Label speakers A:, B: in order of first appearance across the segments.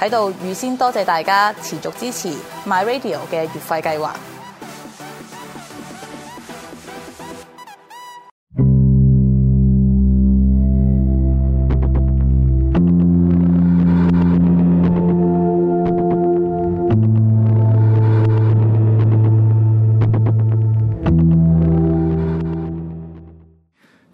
A: 喺度預先多謝大家持續支持 MyRadio 嘅月費計劃。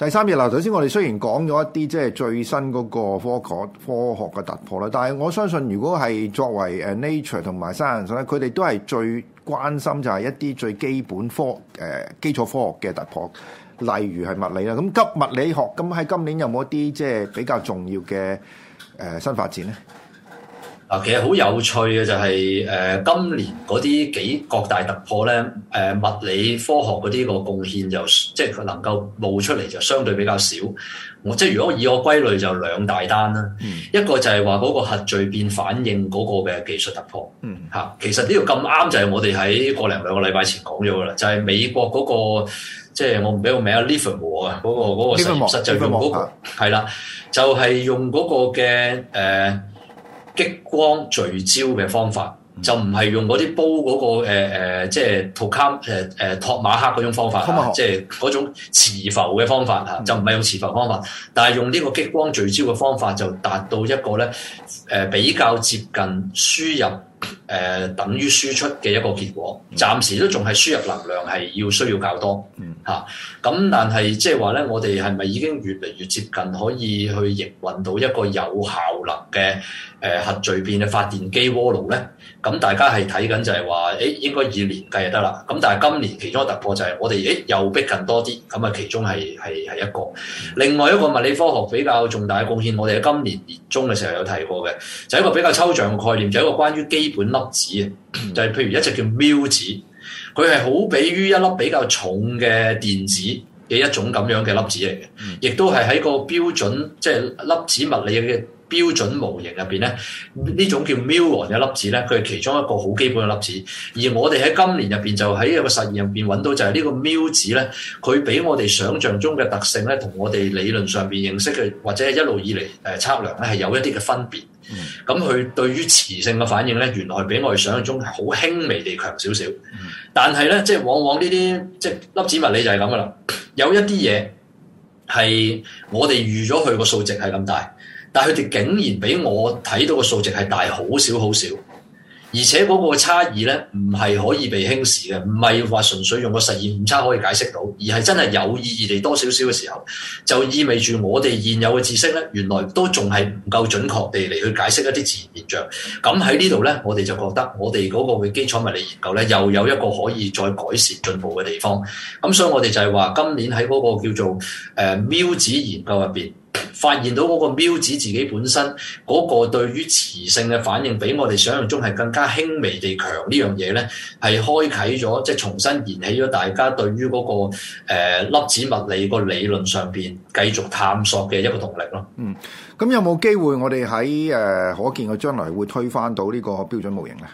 B: 第三日啦，頭先我哋雖然講咗一啲即係最新嗰個科學科學嘅突破啦，但係我相信如果係作為誒 Nature 同埋 Science 咧，佢哋都係最關心就係一啲最基本科誒、呃、基礎科學嘅突破，例如係物理啦。咁急物理學咁喺今年有冇一啲即係比較重要嘅誒、呃、新發展咧？
A: 嗱，其實好有趣嘅就係，誒，今年嗰啲幾各大突破咧，誒、呃，物理科學嗰啲個貢獻就，即係佢能夠冒出嚟就相對比較少。我即係如果以我歸類就兩大單啦，嗯、一個就係話嗰個核聚變反應嗰個嘅技術突破，嚇、嗯，其實呢度咁啱就係我哋喺過零兩個禮拜前講咗噶啦，就係、是、美國嗰、那個，即係我唔俾、那個名啊 Livermore 啊，嗰、那個嗰、那個實驗室就用嗰、那個，係啦，就係用嗰個嘅誒。激光聚焦嘅方法。就唔係用嗰啲煲嗰、嗰個誒、呃、即係托卡誒誒托馬克嗰種方法，即係嗰種磁浮嘅方法嚇，嗯、就唔係用磁浮方法，但係用呢個激光聚焦嘅方法就達到一個咧誒、呃、比較接近輸入誒、呃、等於輸出嘅一個結果。嗯、暫時都仲係輸入能量係要需要較多嚇。咁、嗯啊、但係即係話咧，我哋係咪已經越嚟越接近可以去營運到一個有效能嘅誒核聚變嘅發電機鍋爐咧？咁、嗯、大家係睇緊就係話，誒、哎、應該以年計就得啦。咁但係今年其中嘅突破就係我哋誒又逼近多啲，咁啊其中係係係一個。另外一個物理科學比較重大嘅貢獻，我哋喺今年年中嘅時候有提過嘅，就係、是、一個比較抽象嘅概念，就係、是、一個關於基本粒子啊，就係、是、譬如一隻叫 mu 子，佢係好比於一粒比較重嘅電子嘅一種咁樣嘅粒子嚟嘅，亦都係喺個標準即係、就是、粒子物理嘅。標準模型入邊咧，呢種叫 muon 嘅粒子咧，佢係其中一個好基本嘅粒子。而我哋喺今年入邊就喺一個實驗入邊揾到就係呢個 mu 子咧，佢比我哋想象中嘅特性咧，同我哋理論上邊認識嘅或者係一路以嚟誒測量咧係有一啲嘅分別。嗯，咁佢、嗯、對於磁性嘅反應咧，原來係比我哋想象中好輕微地強少少。嗯、但係咧，即係往往呢啲即係粒子物理就係咁噶啦，有一啲嘢係我哋預咗佢個數值係咁大。但佢哋竟然比我睇到嘅數值係大好少好少，而且嗰個差異呢唔係可以被輕視嘅，唔係話純粹用個實驗誤差可以解釋到，而係真係有意義地多少少嘅時候，就意味住我哋現有嘅知識呢，原來都仲係唔夠準確地嚟去解釋一啲自然現象。咁喺呢度呢，我哋就覺得我哋嗰個嘅基礎物理研究呢，又有一個可以再改善進步嘅地方。咁所以我，我哋就係話今年喺嗰個叫做誒緲子研究入邊。發現到嗰個喵子自己本身嗰個對於磁性嘅反應，比我哋想象中係更加輕微地強呢樣嘢咧，係開啟咗即係重新燃起咗大家對於嗰個、呃、粒子物理個理論上邊繼續探索嘅一個動力咯。嗯，
B: 咁有冇機會我哋喺誒可見嘅將來會推翻到呢個標準模型咧？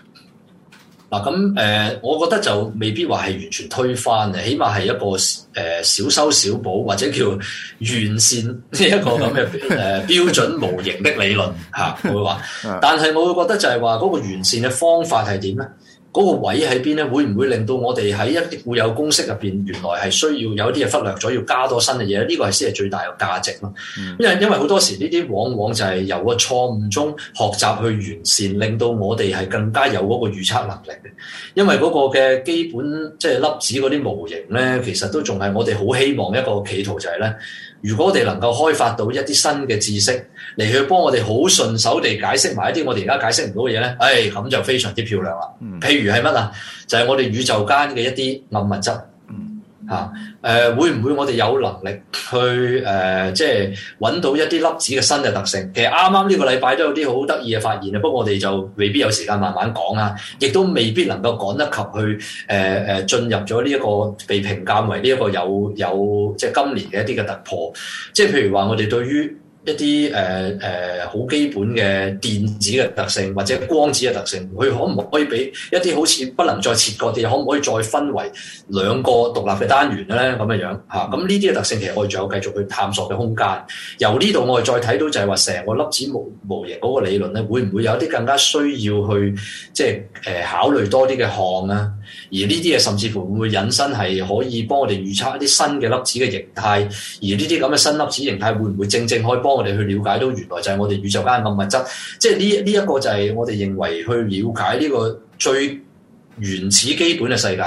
A: 嗱咁誒，我覺得就未必話係完全推翻嘅，起碼係一個誒呃、小修小補或者叫完善呢一個咁嘅誒標準模型的理論嚇，啊、我會話。 但係我會覺得就係話嗰個完善嘅方法係點咧？嗰個位喺邊咧？會唔會令到我哋喺一啲固有公式入邊，原來係需要有啲嘢忽略咗，要加多新嘅嘢？呢、呢個係先係最大嘅價值咯。嗯、因為因為好多時呢啲往往就係由個錯誤中學習去完善，令到我哋係更加有嗰個預測能力。因為嗰個嘅基本即係、就係、粒子嗰啲模型咧，其實都仲係我哋好希望一個企圖就係咧。如果我哋能夠開發到一啲新嘅知識，嚟去幫我哋好順手地解釋埋一啲我哋而家解釋唔到嘅嘢咧，誒、哎，咁就非常之漂亮啦。譬如係乜啊？就係、是、我哋宇宙間嘅一啲暗物質。啊！誒會唔會我哋有能力去誒、呃，即係揾到一啲粒子嘅新嘅特性？其實啱啱呢個禮拜都有啲好得意嘅發現啊！不過我哋就未必有時間慢慢講啊，亦都未必能夠趕得及去誒誒、呃、進入咗呢一個被評價為呢一個有有即係今年嘅一啲嘅突破。即係譬如話，我哋對於一啲誒誒好基本嘅電子嘅特性，或者光子嘅特性，佢可唔可以俾一啲好似不能再切割啲，可唔可以再分為兩個獨立嘅單元咧？咁嘅樣嚇，咁呢啲嘅特性其實我哋仲有繼續去探索嘅空間。由呢度我哋再睇到就係話成個粒子模模型嗰個理論咧，會唔會有啲更加需要去即係誒、呃、考慮多啲嘅項啊？而呢啲嘢甚至乎會唔會引申係可以幫我哋預測一啲新嘅粒子嘅形態？而呢啲咁嘅新粒子形態會唔會正正開波？我哋去了解到，原來就係我哋宇宙間嘅暗物質，即係呢呢一個就係我哋認為去了解呢個最原始基本嘅世界，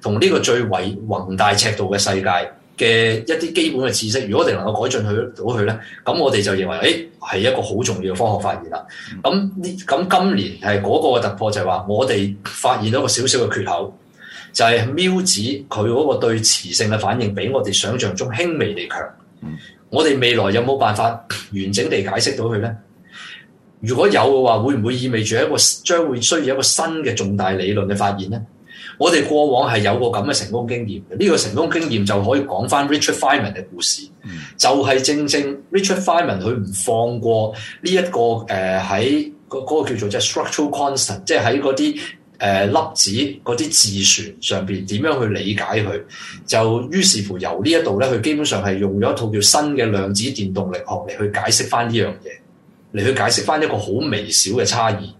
A: 同呢個最為宏大尺度嘅世界嘅一啲基本嘅知識。如果我哋能夠改進佢到去呢，咁我哋就認為，誒係一個好重要嘅科學發現啦。咁咁今年係嗰個突破就係話，我哋發現咗個少少嘅缺口，就係謬子佢嗰個對磁性嘅反應比我哋想象中輕微地強。嗯我哋未來有冇辦法完整地解釋到佢呢？如果有嘅話，會唔會意味住一個將會需要一個新嘅重大理論嘅發現呢？我哋過往係有個咁嘅成功經驗嘅，呢、呢個成功經驗就可以講翻 Richard Feynman 嘅故事，嗯、就係正正 Richard Feynman 佢唔放過呢、呢、一個誒喺個嗰個叫做 concept，即係 structural constant，即係喺嗰啲。誒、呃、粒子嗰啲自旋上邊點樣去理解佢？就於是乎由一呢一度咧，佢基本上係用咗一套叫新嘅量子電動力學嚟去解釋翻呢樣嘢，嚟去解釋翻一個好微小嘅差異。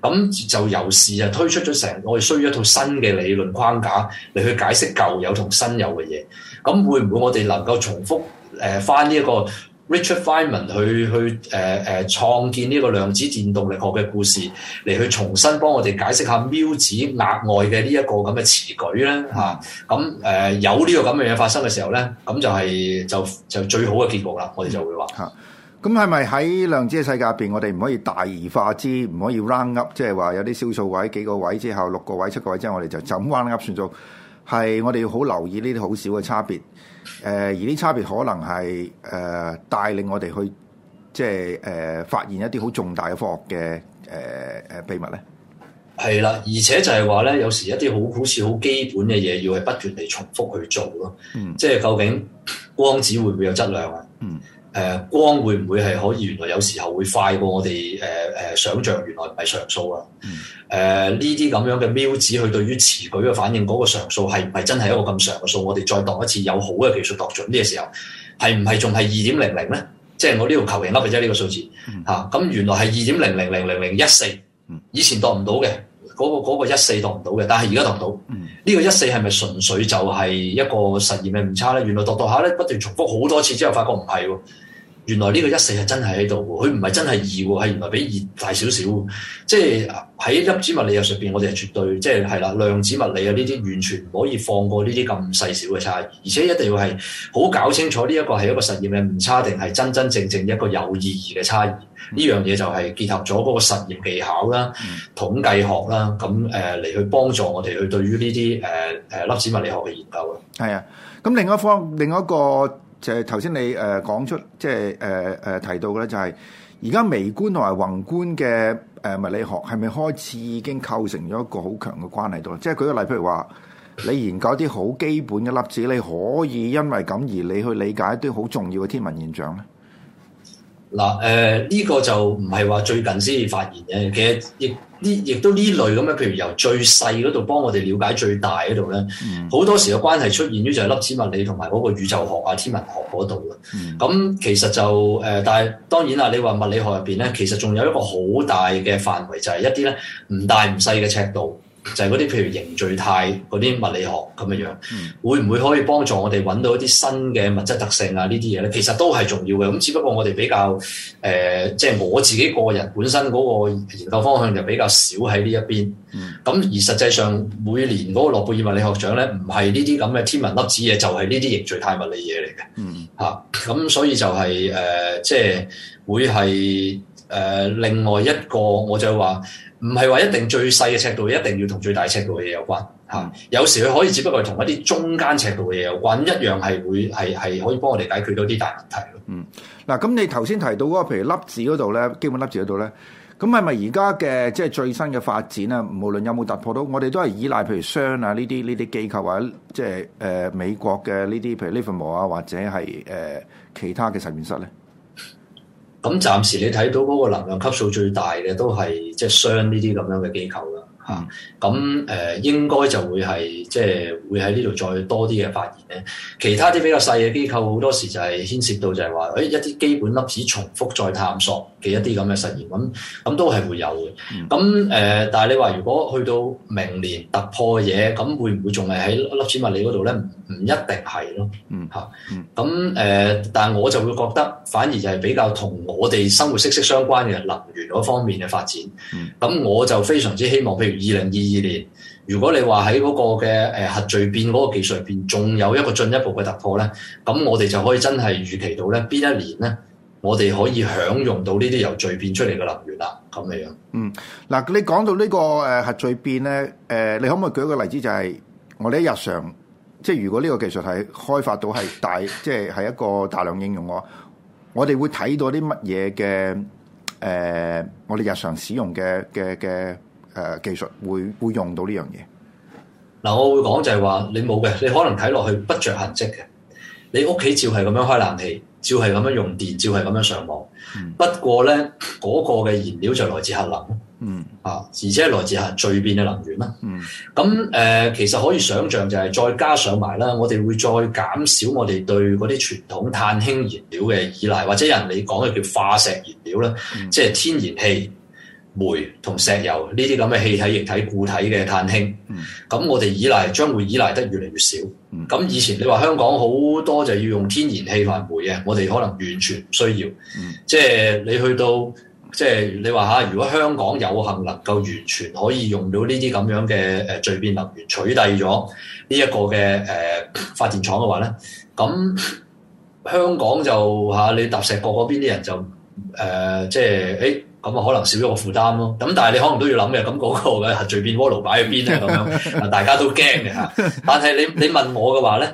A: 咁、嗯、就由事就推出咗成，我哋需要一套新嘅理論框架嚟去解釋舊有同新有嘅嘢。咁會唔會我哋能夠重複誒翻呢一個？Richard Feynman 去去誒誒創建呢個量子電動力學嘅故事，嚟去重新幫我哋解釋下 μ 子額外嘅呢一個咁嘅詞句咧嚇。咁、啊、誒、啊呃、有呢、這個咁嘅嘢發生嘅時候咧，咁、啊嗯、就係就就最好嘅結局啦。
B: 我哋就會話嚇。咁係咪喺量子嘅世界入邊，我哋唔可以大而化之，唔可以 round up，即係話有啲小數位幾個位之後六個位七個位之後，我哋就咁 round up 算數？係，我哋要好留意呢啲好少嘅差別，誒、呃，而啲差別可能係誒帶領我哋去即係誒、呃、發現一啲好重大嘅科學嘅誒誒秘密咧。
A: 係啦，而且就係話咧，有時一啲好好似好基本嘅嘢，要係不斷地重複去做咯。嗯，即係究竟光子會唔會有質量啊？嗯。誒、呃、光會唔會係可以原來有時候會快過我哋誒誒想像，原來唔係常數啊！誒呢啲咁樣嘅粒子去對於詞句嘅反應，嗰、那個常數係唔係真係一個咁常嘅數？我哋再度一次有好嘅技術度準呢、這個時候是是是，係唔係仲係二點零零咧？即係我呢度求其噏嘅啫，呢個數字嚇咁、啊嗯嗯、原來係二點零零零零零一四，以前度唔到嘅，嗰、那個一四度唔到嘅，但係而家度唔到。呢、嗯、個一四係咪純粹就係一個實驗嘅誤差咧？原來度度下咧，不斷重複好多次之後，之後發覺唔係喎。原來呢個一四係真係喺度，佢唔係真係二喎，係原來比二大少少。即係喺粒子物理學上邊，我哋係絕對即係係啦，量子物理啊呢啲完全唔可以放過呢啲咁細小嘅差異，而且一定要係好搞清楚呢一個係一個實驗嘅誤差定係真真正正一個有意義嘅差異。呢、嗯、樣嘢就係結合咗嗰個實驗技巧啦、嗯、統計學啦，咁誒嚟去幫助我哋去對於呢啲誒誒粒子物理學嘅研究啊。
B: 係啊，咁另一方另一個。就係頭先你誒講出，即係誒誒提到嘅咧、就是，就係而家微觀同埋宏觀嘅誒物理學係咪開始已經構成咗一個好強嘅關係度？即係舉個例，譬如話你研究啲好基本嘅粒子，你可以因為咁而你去理解一啲好重要嘅天文現象咧。嗱誒、呃，呢、
A: 這個就唔係話最近先發現嘅，其呢亦都呢類咁樣，譬如由最細嗰度幫我哋了解最大嗰度咧，好、嗯、多時嘅關係出現於就係粒子物理同埋嗰個宇宙學啊、天文學嗰度嘅。咁、嗯、其實就誒，但、呃、係當然啦，你話物理學入邊咧，其實仲有一個好大嘅範圍，就係、是、一啲咧唔大唔細嘅尺度。就係嗰啲譬如凝聚態嗰啲物理學咁嘅樣，嗯、會唔會可以幫助我哋揾到一啲新嘅物質特性啊？呢啲嘢咧，其實都係重要嘅。咁只不過我哋比較誒，即、呃、係、即係、我自己個人本身嗰個研究方向就比較少喺呢一邊。咁、嗯、而實際上每年嗰個諾貝爾物理學獎咧，唔係呢啲咁嘅天文粒子嘢，就係呢啲凝聚態物理嘢嚟嘅。嚇咁、嗯啊、所以就係、係、誒，即、呃、係、即係、會係。誒、呃，另外一個我就話，唔係話一定最細嘅尺度一定要同最大尺度嘅嘢有關嚇、啊。有時佢可以只不過係同一啲中間尺度嘅嘢有關，一樣係會係係可以幫我哋解決到啲大問題咯。嗯，
B: 嗱，咁你頭先提到嗰個譬如粒子嗰度咧，基本粒子嗰度咧，咁係咪而家嘅即係最新嘅發展啊？無論有冇突破到，我哋都係依賴譬如商啊呢啲呢啲機構或者即係誒、呃、美國嘅呢啲譬如 Livermore 啊，或者係誒、呃、其他嘅實驗室咧。咁暫時你睇到嗰個能量級數最大嘅都係即係
A: 傷呢啲咁樣嘅機構。嚇，咁誒、嗯呃、應該就會係即係會喺呢度再多啲嘅發現咧。其他啲比較細嘅機構好多時就係牽涉到就係話，誒、欸、一啲基本粒子重複再探索嘅一啲咁嘅實驗，咁咁都係會有嘅。咁、嗯、誒、呃，但係你話如果去到明年突破嘅嘢，咁會唔會仲係喺粒子物理嗰度咧？唔一定係咯嗯。嗯，嚇。咁、呃、誒，但係我就會覺得，反而就係比較同我哋生活息息相關嘅能源嗰方面嘅發展。嗯。咁、嗯、我就非常之希望，譬如。二零二二年，如果你話喺嗰個嘅誒核聚變嗰個技術入邊，仲有一個進一步嘅突破咧，咁我哋就可以真係預期到咧，邊一年咧，我哋可以享用到呢啲由聚變出嚟嘅能源啦，咁嘅樣。
B: 嗯，嗱，你講到個呢個誒核聚變咧，誒、呃，你可唔可以舉一個例子？就係、是、我哋日常，即係如果呢個技術係開發到係大，即係係一個大量應用嘅話，我哋會睇到啲乜嘢嘅誒，我哋日常使用嘅嘅嘅。誒、呃，技術會會用到呢樣嘢。
A: 嗱，我會講就係話，你冇嘅，你可能睇落去不着痕跡嘅。你屋企照係咁樣開冷氣，照係咁樣用電，照係咁樣上網。嗯、不過呢，嗰、嗰個嘅燃料就來自核能嗯，啊，而且來自核聚變嘅能源啦。咁誒、嗯呃，其實可以想象就係再加上埋啦，我哋會再減少我哋對嗰啲傳統碳氫燃料嘅依賴，或者人哋講嘅叫化石燃料啦，嗯、即係天然氣。煤同石油呢啲咁嘅氣體、液體、固體嘅碳氫，咁、嗯、我哋依賴將會依賴得越嚟越少。咁、嗯、以前你話香港好多就要用天然氣同煤嘅，我哋可能完全唔需要。嗯、即係你去到，即係你話嚇，如果香港有幸能夠完全可以用到呢啲咁樣嘅誒聚變能源取締咗呢一個嘅誒、呃、發電廠嘅話呢，咁香港就嚇、啊、你搭石角嗰邊啲人就誒、呃、即係誒。誒咁啊，可能少咗個負擔咯。咁但係你可能都要諗嘅。咁嗰個嘅核聚變鍋爐擺喺邊咧？咁樣大家都驚嘅嚇。但係你你問我嘅話咧，誒、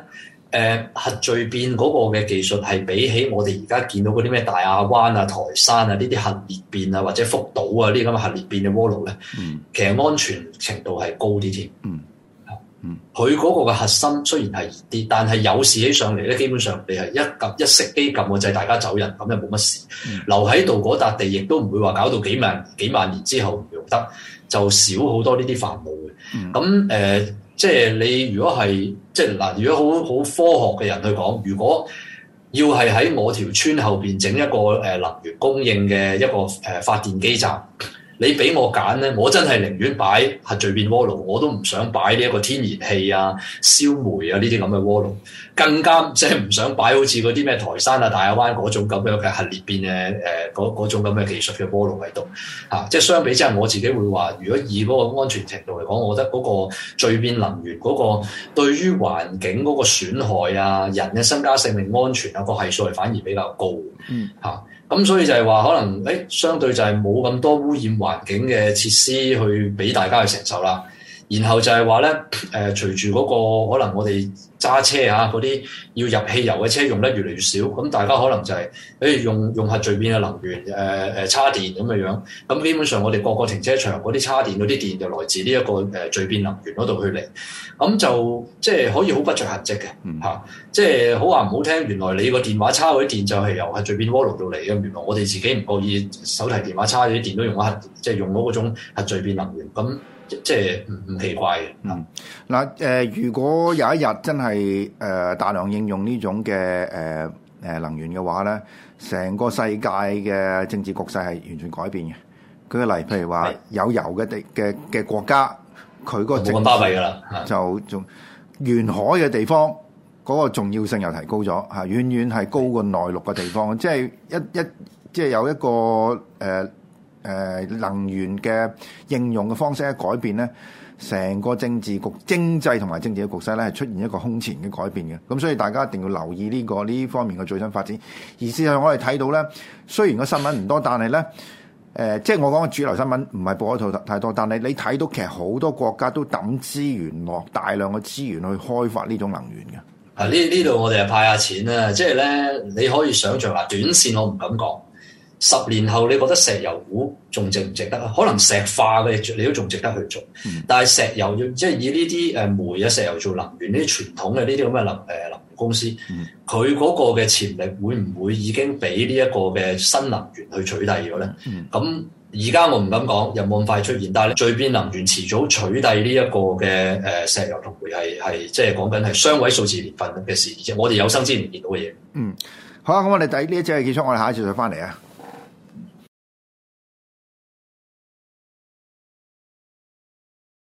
A: 呃、核聚變嗰個嘅技術係比起我哋而家見到嗰啲咩大亞灣啊、台山啊呢啲核裂變啊或者福島啊呢啲咁嘅核裂變嘅鍋爐咧，嗯、其實安全程度係高啲添。嗯佢嗰、嗯、個嘅核心雖然係熱啲，但係有事起上嚟咧，基本上你係一撳一熄機撳嘅，就大家走人，咁就冇乜事。嗯、留喺度嗰笪地，亦都唔會話搞到幾萬幾萬年之後唔用得，就少好多呢啲煩惱嘅。咁誒、嗯呃，即係你如果係即係嗱，如果好好科學嘅人去講，如果要係喺我條村後邊整一個誒能源供應嘅一個誒、呃、發電機站。你俾我揀呢，我真係寧願擺核聚變鍋爐，我都唔想擺呢一個天然氣啊、燒煤啊呢啲咁嘅鍋爐，更加即係唔想擺好似嗰啲咩台山啊、大亞灣嗰種咁樣嘅核裂變嘅誒嗰種咁嘅技術嘅鍋爐喺度嚇。即係相比之下，我自己會話，如果以嗰個安全程度嚟講，我覺得嗰個聚變能源嗰個對於環境嗰個損害啊、人嘅身家性命安全啊，個係數係反而比較高，啊、嗯嚇。咁所以就係話，可能、哎、相對就係冇咁多污染環境嘅設施去畀大家去承受啦。然後就係話咧，誒隨住嗰個可能我哋揸車啊，嗰啲要入汽油嘅車用得越嚟越少，咁、嗯、大家可能就係、是、誒、哎、用用核聚變嘅能源，誒、呃、誒、呃、叉電咁嘅樣。咁、嗯、基本上我哋各個停車場嗰啲叉電嗰啲電就來自呢、這、一個誒聚、呃、變能源嗰度去嚟，咁、嗯、就即係可以好不著痕跡嘅嚇。即係好話唔好聽，原來你個電話叉嗰啲電就係由核聚變鍋爐度嚟嘅。原來我哋自己唔覺意手提電話叉嗰啲電都用核，即、就、係、是、用咗嗰種核聚變能源咁。即
B: 係唔唔奇怪嘅。嗯，嗱，誒，如果有一日真係誒大量應用呢種嘅誒誒能源嘅話咧，成個世界嘅政治局勢係完全改變嘅。舉個例，譬如話有油嘅地嘅嘅國家，佢嗰個冇咁巴閉噶啦，就仲沿海嘅地方嗰個重要性又提高咗嚇，遠遠係高過內陸嘅地方。即係一一即係有一個誒。誒能源嘅應用嘅方式嘅改變咧，成個政治局、經濟同埋政治嘅局勢咧，係出現一個空前嘅改變嘅。咁所以大家一定要留意呢、呢個呢方面嘅最新發展。而事實我哋睇到咧，雖然個新聞唔多，但係咧，誒、呃、即係我講嘅主流新聞唔係播得太多，但係你睇到其實好多國家都抌資源落大量嘅資源去開發呢種能源嘅。啊！呢呢度我哋係
A: 派下錢啦！即係咧，你可以想象下，短線我唔敢講。十年後你覺得石油股仲值唔值得啊？可能石化嘅你都仲值得去做，嗯、但係石油要即係以呢啲誒煤啊、石油做能源呢啲傳統嘅呢啲咁嘅能誒能源公司，佢嗰、嗯、個嘅潛力會唔會已經俾呢一個嘅新能源去取締咗咧？咁而家我唔敢講有冇咁快出現，但係咧，聚變能源遲早取締呢一個嘅誒石油同煤，係係即係講緊係雙位數字年份嘅事，而且我哋有生之年見到嘅嘢。嗯，
B: 好啦，咁我哋第呢一節係結束，我哋下一次再翻嚟啊。